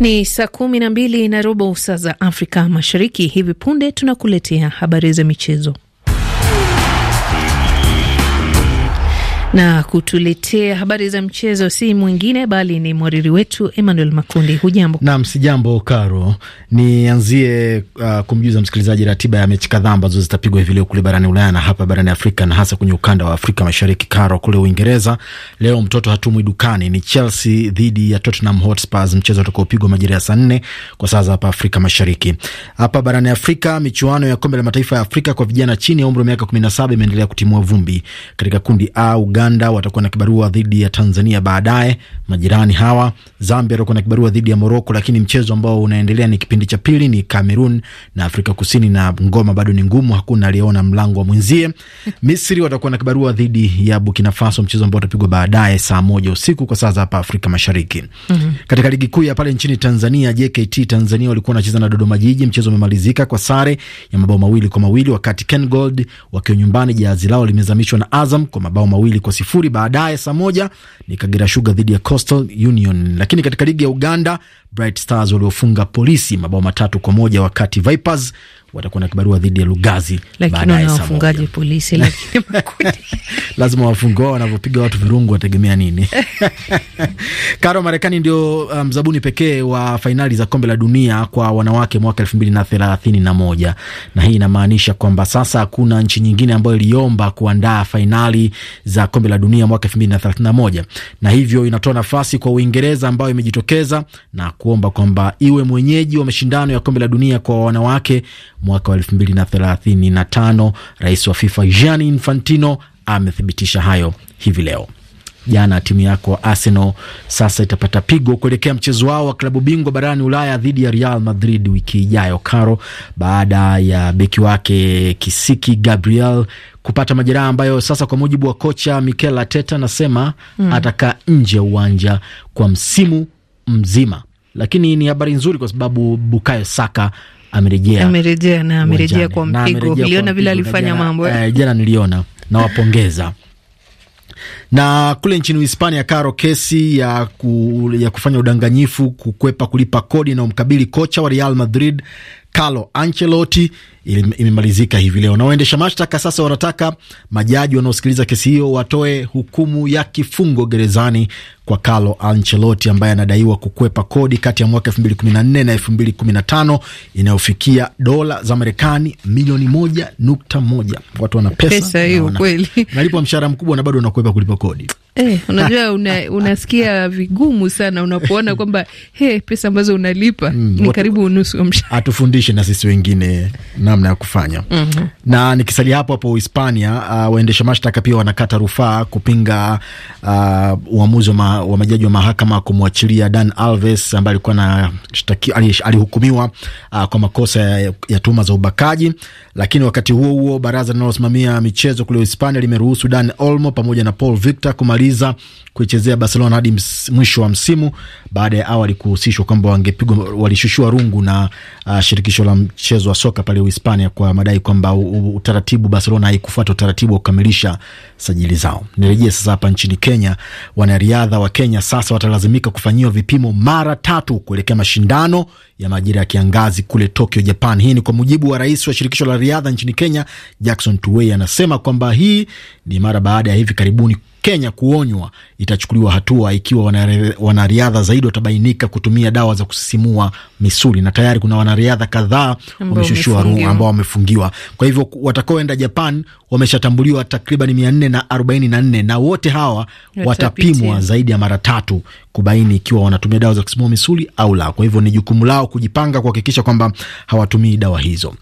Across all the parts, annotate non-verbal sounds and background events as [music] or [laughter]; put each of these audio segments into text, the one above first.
Ni saa kumi na mbili na robo saa za Afrika Mashariki. Hivi punde tunakuletea habari za michezo. na kutuletea habari za mchezo si mwingine bali ni mwariri wetu Emmanuel Makundi. Hujambo? Naam, jambo Karo. Nianzie uh, kumjuza msikilizaji ratiba ya mechi kadhaa ambazo zitapigwa hivi leo kule barani Ulaya na hapa barani Afrika na hasa kwenye ukanda wa Afrika Mashariki. Karo, kule Uingereza leo mtoto hatumwi dukani, ni Chelsea dhidi ya Tottenham Hotspur, mchezo utakaopigwa majira ya saa nne kwa saa za hapa Afrika Mashariki. Hapa barani Afrika, michuano ya kombe la mataifa ya Afrika kwa vijana chini ya umri wa miaka kumi na saba imeendelea kutimua vumbi katika kundi A Uganda watakuwa na kibarua dhidi ya Tanzania baadaye. Majirani hawa Zambia watakuwa na kibarua dhidi ya Moroko, lakini mchezo ambao unaendelea ni kipindi cha pili ni Cameroon na Afrika Kusini, na ngoma bado ni ngumu, hakuna aliyeona mlango wa mwenzie. [laughs] Misri watakuwa na kibarua dhidi ya Burkina Faso, mchezo ambao utapigwa baadaye saa moja usiku kwa saa za hapa Afrika Mashariki. mm -hmm. Katika ligi kuu ya pale nchini Tanzania, JKT Tanzania walikuwa wanacheza na Dodoma Jiji, mchezo umemalizika kwa sare ya mabao mawili kwa mawili wakati Ken Gold wakiwa nyumbani, jahazi lao limezamishwa na Azam kwa mabao mawili kwa kwa sifuri. Baadaye saa moja ni Kagera Sugar dhidi ya Coastal Union. Lakini katika ligi ya Uganda, Bright Stars waliofunga Polisi mabao matatu kwa moja wakati Vipers watakuwa na kibarua dhidi ya Lugazi, baadaye wafungaje polisi, lakini [laughs] makundi lazima wafungua wanavyopiga watu virungu, wategemea nini? [laughs] Karo, Marekani ndio mzabuni um, pekee wa fainali za kombe la dunia kwa wanawake mwaka elfu mbili na thelathini na moja na hii inamaanisha kwamba sasa hakuna nchi nyingine ambayo iliomba kuandaa fainali za kombe la dunia mwaka elfu mbili na thelathini na moja na hivyo inatoa nafasi kwa Uingereza ambayo imejitokeza na kuomba kwamba iwe mwenyeji wa mashindano ya kombe la dunia kwa wanawake mwaka wa tano. Rais wa FIFA Gianni Infantino amethibitisha hayo hivi leo. Jana timu yako Arsenal sasa itapata pigo kuelekea mchezo wao wa klabu bingwa barani Ulaya dhidi ya Real Madrid wiki ijayo, Caro, baada ya beki wake kisiki Gabriel kupata majeraha ambayo sasa kwa mujibu wa kocha Mikel Arteta anasema mm, atakaa nje ya uwanja kwa msimu mzima, lakini ni habari nzuri kwa sababu Bukayo Saka amerejea, amerejea na amerejea kwa mpigo. Uliona vile alifanya mambo eh? eh, jana niliona, nawapongeza na kule nchini hispania Karo, kesi ya, ku, ya kufanya udanganyifu kukwepa kulipa kodi na umkabili kocha wa Real Madrid Carlo Ancelotti imemalizika hivi leo, na waendesha mashtaka sasa wanataka majaji wanaosikiliza kesi hiyo watoe hukumu ya kifungo gerezani kwa Carlo Ancelotti ambaye anadaiwa kukwepa kodi kati ya mwaka 2014 na 2015 inayofikia dola za Marekani milioni moja nukta moja. Watu wana pesa hiyo kweli, [laughs] nalipwa mshahara mkubwa na bado unakwepa kulipa kodi. Eh, unajua una, [laughs] unasikia vigumu sana unapoona [laughs] kwamba he, pesa ambazo unalipa mm, ni karibu nusu ya mshahara. Atufundishe na sisi wengine na namna ya kufanya mm -hmm. Na nikisalia hapo hapo Hispania, uh, waendesha mashtaka pia wanakata rufaa kupinga uh, uamuzi wa, ma, wa majaji wa mahakama kumwachilia Dan Alves ambaye alikuwa na alihukumiwa uh, kwa makosa ya, ya tuhuma za ubakaji. Lakini wakati huo huo baraza linalosimamia michezo kule Hispania limeruhusu Dan Olmo pamoja na Paul Victor kumaliza kuichezea Barcelona hadi mwisho wa msimu baada ya awali kuhusishwa kwamba wangepigwa, walishushiwa rungu na uh, shirikisho la mchezo wa soka pale Hispania. Hispania kwa madai kwamba utaratibu Barcelona haikufuata utaratibu wa kukamilisha sajili zao. Nirejee sasa hapa nchini Kenya. Wanariadha wa Kenya sasa watalazimika kufanyiwa vipimo mara tatu kuelekea mashindano ya majira ya kiangazi kule Tokyo, Japan. Hii ni kwa mujibu wa rais wa shirikisho la riadha nchini Kenya, Jackson Tuwei, anasema kwamba hii ni mara baada ya hivi karibuni Kenya kuonywa itachukuliwa hatua ikiwa wanariadha zaidi watabainika kutumia dawa za kusisimua misuli, na tayari kuna wanariadha kadhaa wameshushua rufaa ambao wamefungiwa. Kwa hivyo watakaoenda Japan wameshatambuliwa takriban mia nne na arobaini na nne na wote hawa watapimwa zaidi ya mara tatu kubaini ikiwa wanatumia dawa za kusisimua misuli au la. Kwa hivyo ni jukumu lao kujipanga kuhakikisha kwamba hawatumii dawa hizo.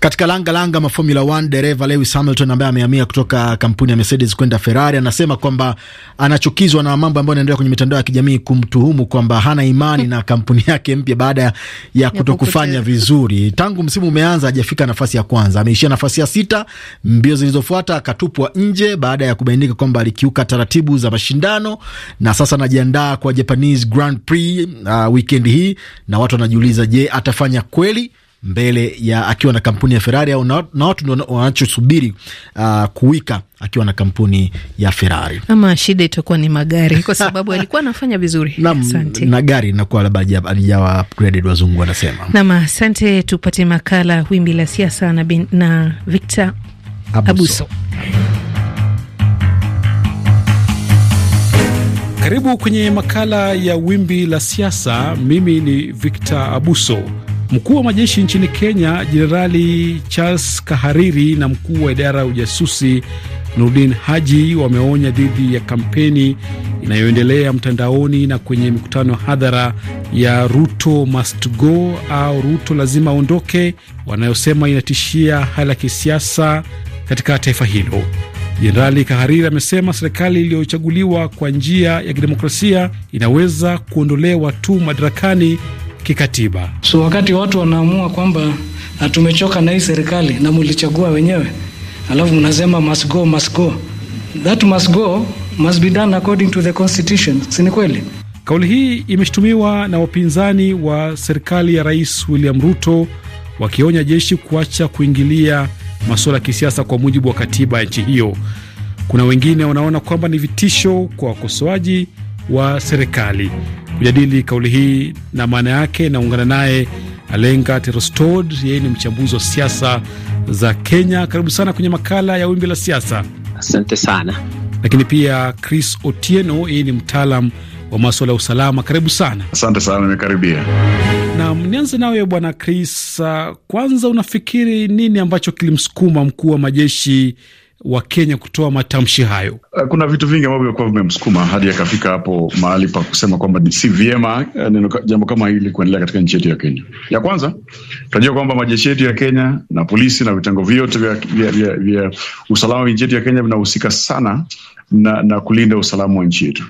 Katika langa langa mafomula 1 dereva Lewis Hamilton ambaye amehamia kutoka kampuni ya Mercedes kwenda Ferrari anasema anasema kwamba anachukizwa na mambo ambayo yanaendelea kwenye mitandao ya kijamii kumtuhumu kwamba hana imani na kampuni yake mpya baada ya kutokufanya vizuri. Tangu msimu umeanza hajafika nafasi ya kwanza, ameishia nafasi ya sita. Mbio zilizofuata akatupwa nje baada ya kubainika kwamba alikiuka taratibu za mashindano, na sasa anajiandaa kwa Japanese Grand Prix uh, weekend hii, na watu wanajiuliza, je, atafanya kweli mbele ya akiwa na kampuni ya Ferrari au na, watu ndio wanachosubiri uh, kuwika akiwa na kampuni ya Ferrari. Ama shida itakuwa ni magari kwa sababu alikuwa anafanya vizuri na, na gari inakuwa labda alijawa upgraded wazungu wanasema. Nam, asante. Tupate makala wimbi la siasa na, na Victor Abuso, Abuso. Karibu kwenye makala ya wimbi la siasa. Mimi ni Victor Abuso. Mkuu wa majeshi nchini Kenya Jenerali Charles Kahariri na mkuu wa idara ya ujasusi Nurdin Haji wameonya dhidi ya kampeni inayoendelea mtandaoni na kwenye mikutano hadhara ya Ruto must go au Ruto lazima aondoke, wanayosema inatishia hali ya kisiasa katika taifa hilo. Jenerali Kahariri amesema serikali iliyochaguliwa kwa njia ya kidemokrasia inaweza kuondolewa tu madarakani kikatiba. So wakati watu wanaamua kwamba ah, tumechoka na hii serikali na mulichagua wenyewe, alafu mnasema must go, must go. That must go must be done according to the constitution. Si ni kweli? Kauli hii imeshutumiwa na wapinzani wa serikali ya Rais William Ruto wakionya jeshi kuacha kuingilia masuala ya kisiasa kwa mujibu wa katiba ya nchi hiyo. Kuna wengine wanaona kwamba ni vitisho kwa wakosoaji wa serikali. Kujadili kauli hii na maana yake, naungana naye Alenga Terostod, yeye ni mchambuzi wa siasa za Kenya. Karibu sana kwenye makala ya Wimbi la Siasa. Asante sana. Lakini pia Chris Otieno, yeye ni mtaalam wa maswala ya usalama. Karibu sana. Asante sana, nimekaribia. Nam, nianze nawe Bwana Chris. Kwanza, unafikiri nini ambacho kilimsukuma mkuu wa majeshi wa Kenya kutoa matamshi hayo? Eh, kuna vitu vingi ambavyo vimekuwa vimemsukuma hadi akafika hapo mahali pa kusema kwamba si vyema eh, jambo kama hili kuendelea katika nchi yetu ya Kenya. Ya kwanza tunajua kwamba majeshi yetu ya Kenya na polisi na vitengo vyote vya usalama wa nchi yetu ya Kenya vinahusika sana na, na kulinda usalama wa nchi yetu.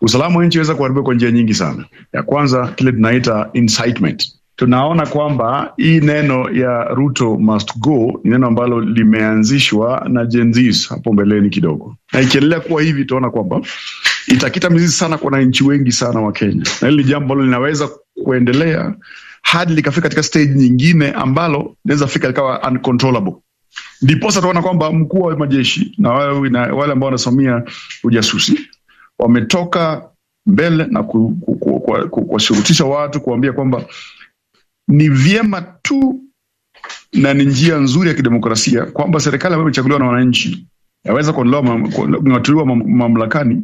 Usalama wa nchi waweza kuharibiwa kwa njia nyingi sana. Ya kwanza kile tunaita incitement tunaona kwamba hii neno ya Ruto must go ni neno ambalo limeanzishwa na Gen Z hapo mbeleni kidogo, na ikiendelea kuwa hivi utaona kwamba itakita mizizi sana kwa wananchi wengi sana wa Kenya, na hili ni jambo ambalo linaweza kuendelea hadi likafika katika stage nyingine ambalo linaweza fika likawa uncontrollable. Ndiposa tunaona kwamba mkuu wa majeshi na wale ambao wanasimamia ujasusi wametoka mbele na kuwashurutisha ku, ku, ku, ku, watu kuambia kwamba ni vyema tu na ni njia nzuri ya kidemokrasia kwamba serikali ambayo imechaguliwa na wananchi yaweza kuondolewa mamlakani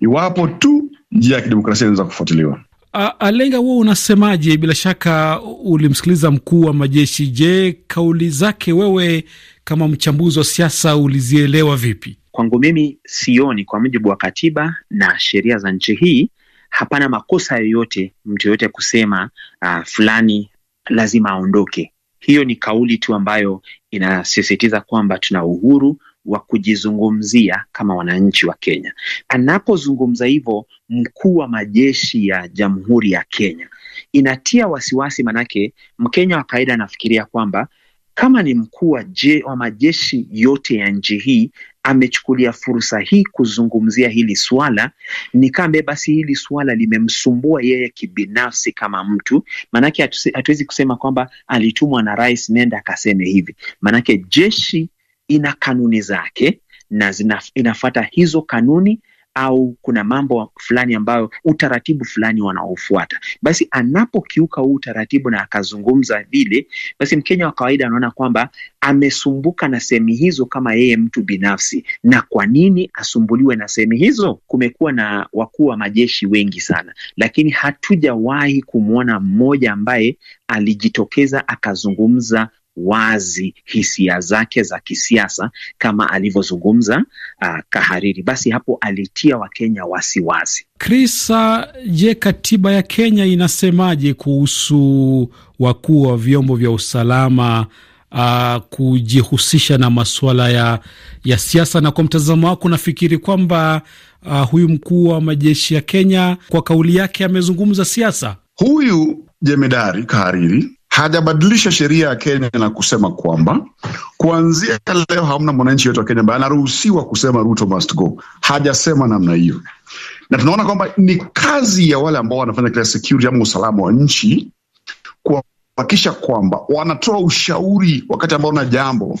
iwapo tu njia ya kidemokrasia inaweza kufuatiliwa. A, Alenga, wewe unasemaje? Bila shaka ulimsikiliza mkuu wa majeshi. Je, kauli zake wewe kama mchambuzi wa siasa ulizielewa vipi? Kwangu mimi sioni, kwa mujibu wa katiba na sheria za nchi hii, hapana makosa yoyote mtu yoyote kusema uh, fulani lazima aondoke. Hiyo ni kauli tu ambayo inasisitiza kwamba tuna uhuru wa kujizungumzia kama wananchi wa Kenya. Anapozungumza hivyo mkuu wa majeshi ya Jamhuri ya Kenya, inatia wasiwasi, manake Mkenya wa kawaida anafikiria kwamba kama ni mkuu wa, wa majeshi yote ya nchi hii amechukulia fursa hii kuzungumzia hili swala, ni kambe basi hili swala limemsumbua yeye kibinafsi kama mtu. Maanake hatuwezi kusema kwamba alitumwa na rais, nenda akaseme hivi, maanake jeshi ina kanuni zake na inafata hizo kanuni au kuna mambo fulani ambayo utaratibu fulani wanaofuata, basi anapokiuka huu utaratibu na akazungumza vile, basi Mkenya wa kawaida anaona kwamba amesumbuka na sehemu hizo kama yeye mtu binafsi. Na kwa nini asumbuliwe na sehemu hizo? Kumekuwa na wakuu wa majeshi wengi sana, lakini hatujawahi kumwona mmoja ambaye alijitokeza akazungumza wazi hisia zake za kisiasa kama alivyozungumza uh, Kahariri, basi hapo alitia Wakenya wasiwasi. Krisa, je, katiba ya Kenya inasemaje kuhusu wakuu wa vyombo vya usalama Uh, kujihusisha na masuala ya, ya siasa. Na kwa mtazamo wako, nafikiri kwamba uh, huyu mkuu wa majeshi ya Kenya kwa kauli yake amezungumza siasa. Huyu jemedari Kahariri hajabadilisha sheria ya Kenya na kusema kwamba kuanzia leo hamna mwananchi yote wa Kenya ambaye anaruhusiwa kusema Ruto must go. Hajasema namna hiyo, na tunaona kwamba ni kazi ya wale ambao wanafanya katika security ama usalama wa nchi kuhakikisha kwamba wanatoa ushauri wakati ambao na jambo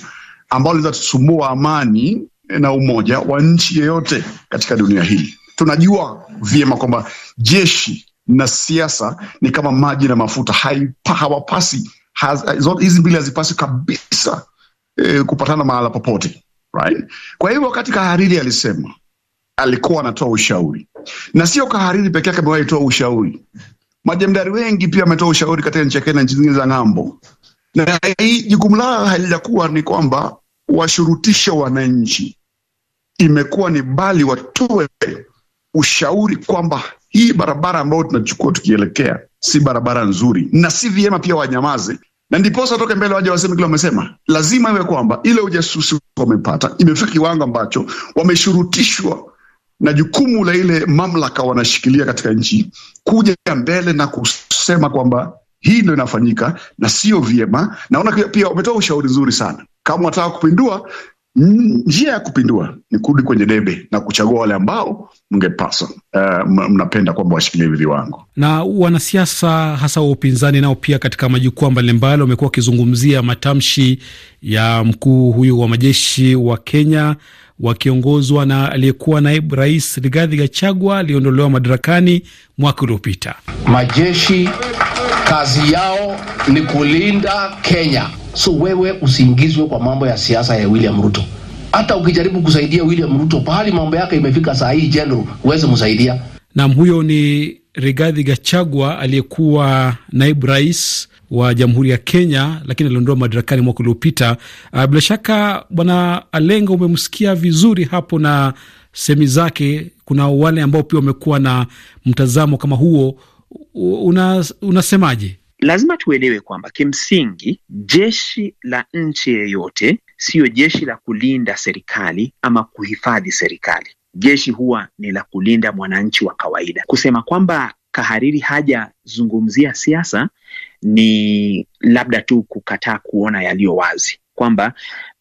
ambao linaweza tusumbua amani na umoja wa nchi yeyote katika dunia hii. Tunajua vyema kwamba jeshi na siasa ni kama maji na mafuta, hawapasi hizi mbili hazipasi kabisa e, kupatana mahala popote right? Kwa hivyo wakati kahariri alisema alikuwa anatoa ushauri, na sio kahariri peke yake amewahi toa ushauri. Majemdari wengi pia ametoa ushauri katika nchi ya Kenya na nchi zingine za ng'ambo, na hii jukumu lao halijakuwa ni kwamba washurutishe wananchi, imekuwa ni bali watoe ushauri kwamba hii barabara ambayo tunachukua tukielekea si barabara nzuri, na si vyema pia wanyamaze, na ndiposa toke mbele waja waseme kile wamesema. Lazima iwe kwamba ile ujasusi wamepata imefika kiwango ambacho wameshurutishwa na jukumu la ile mamlaka wanashikilia katika nchi kuja mbele na kusema kwamba hii ndo inafanyika na sio vyema. Naona pia wametoa ushauri nzuri sana, kama wataka kupindua Njia ya kupindua ni kurudi kwenye debe na kuchagua wale ambao mngepaswa uh, mnapenda kwamba washikilie viwango. Na wanasiasa hasa wa upinzani nao pia katika majukwaa mbalimbali wamekuwa wakizungumzia matamshi ya mkuu huyu wa majeshi wa Kenya wakiongozwa na aliyekuwa naibu rais Rigathi Gachagua aliyeondolewa madarakani mwaka uliopita. Majeshi kazi yao ni kulinda Kenya. So wewe usiingizwe kwa mambo ya siasa ya William Ruto. Hata ukijaribu kusaidia William Ruto pahali mambo yake imefika saa hii, general uweze msaidia. Nam, huyo ni Rigathi Gachagua aliyekuwa naibu rais wa Jamhuri ya Kenya, lakini aliondoa madarakani mwaka uliopita. Ah, bila shaka, bwana Alenga, umemsikia vizuri hapo na semi zake. Kuna wale ambao pia wamekuwa na mtazamo kama huo unasemaje? Una lazima tuelewe kwamba kimsingi jeshi la nchi yeyote siyo jeshi la kulinda serikali ama kuhifadhi serikali. Jeshi huwa ni la kulinda mwananchi wa kawaida. Kusema kwamba Kahariri hajazungumzia siasa ni labda tu kukataa kuona yaliyo wazi kwamba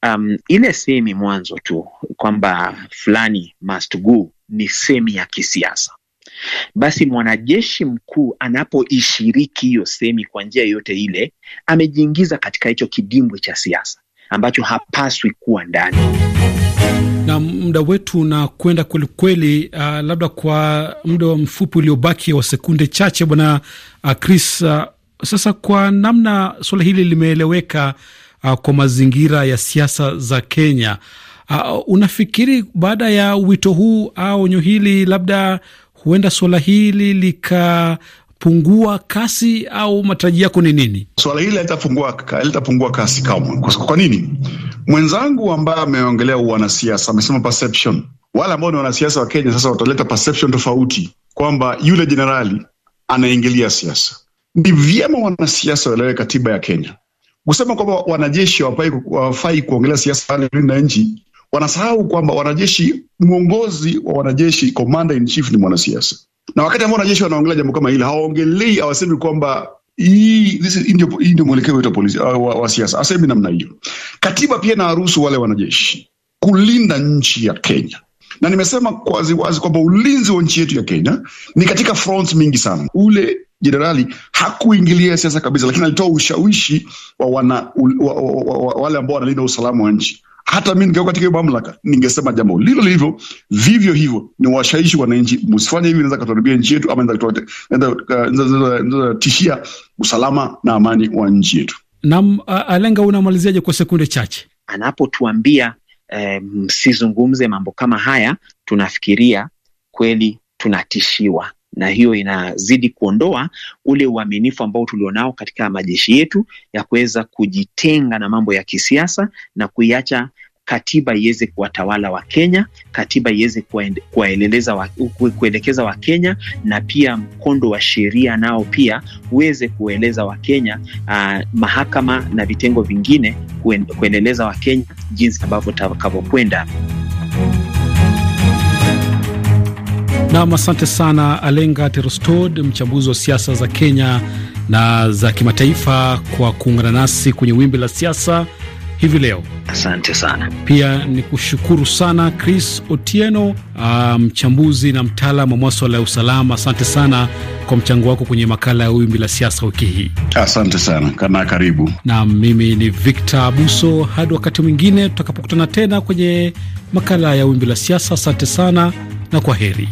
um, ile semi mwanzo tu kwamba fulani must go ni semi ya kisiasa basi mwanajeshi mkuu anapoishiriki hiyo semi kwa njia yoyote ile, amejiingiza katika hicho kidimbwi cha siasa ambacho hapaswi kuwa ndani. Na muda wetu unakwenda kwelikweli. Uh, labda kwa muda mfupi uliobaki wa sekunde chache, bwana uh, Chris, uh, sasa kwa namna suala hili limeeleweka uh, kwa mazingira ya siasa za Kenya, uh, unafikiri baada ya wito huu au uh, onyo hili labda huenda suala hili lika pungua kasi au matarajio yako ni nini? Swala hili halitapungua halitapungua kasi kamwe. Kwa nini? Mwenzangu ambaye ameongelea wanasiasa amesema perception. Wale ambao ni wanasiasa wa Kenya sasa wataleta perception tofauti kwamba yule jenerali anaingilia siasa. Ni vyema wanasiasa waelewe katiba ya Kenya. Kusema kwamba wanajeshi hawafai kuongelea siasa ndani na nchi wanasahau kwamba wanajeshi, mwongozi wa wanajeshi, commander in chief, ni mwanasiasa. Na wakati ambao wanajeshi wanaongelea jambo kama hili, hawaongelei, hawasemi kwamba hii ndio mwelekeo wetu wa siasa, asemi namna hiyo. Katiba pia inawaruhusu wale wanajeshi kulinda nchi ya Kenya na nimesema waziwazi kwamba ulinzi wa nchi yetu ya Kenya ni katika front mingi sana. Ule jenerali hakuingilia siasa kabisa, lakini alitoa ushawishi wa, wana, wa, wa, wa, wa wale ambao wanalinda usalama wa nchi. Hata mi ningekuwa katika hiyo mamlaka ningesema jambo lilo lilivyo vivyo hivyo, ni washawishi wananchi, msifanye hivi, naweza katuharibia nchi yetu ama tishia usalama na amani wa nchi yetu. Nam Alenga, unamaliziaje kwa sekunde chache anapotuambia eh, msizungumze um, mambo kama haya? Tunafikiria kweli tunatishiwa na hiyo inazidi kuondoa ule uaminifu ambao tulionao katika majeshi yetu ya kuweza kujitenga na mambo ya kisiasa na kuiacha katiba iweze kuwatawala wa Kenya, katiba iweze kuelekeza wa Kenya, na pia mkondo wa sheria nao pia uweze kueleza wa Kenya, uh, mahakama na vitengo vingine kuendeleza wa Kenya jinsi ambavyo takavyokwenda. Nam, asante sana Alenga Terostod, mchambuzi wa siasa za Kenya na za kimataifa, kwa kuungana nasi kwenye wimbi la siasa hivi leo. Asante sana pia ni kushukuru sana Chris Otieno, ah, mchambuzi na mtaalam wa maswala ya usalama. Asante sana kwa mchango wako kwenye makala ya wimbi la siasa wiki hii. Asante sana kana karibu. Na mimi ni Victor Abuso, hadi wakati mwingine tutakapokutana tena kwenye makala ya wimbi la siasa. Asante sana na kwa heri.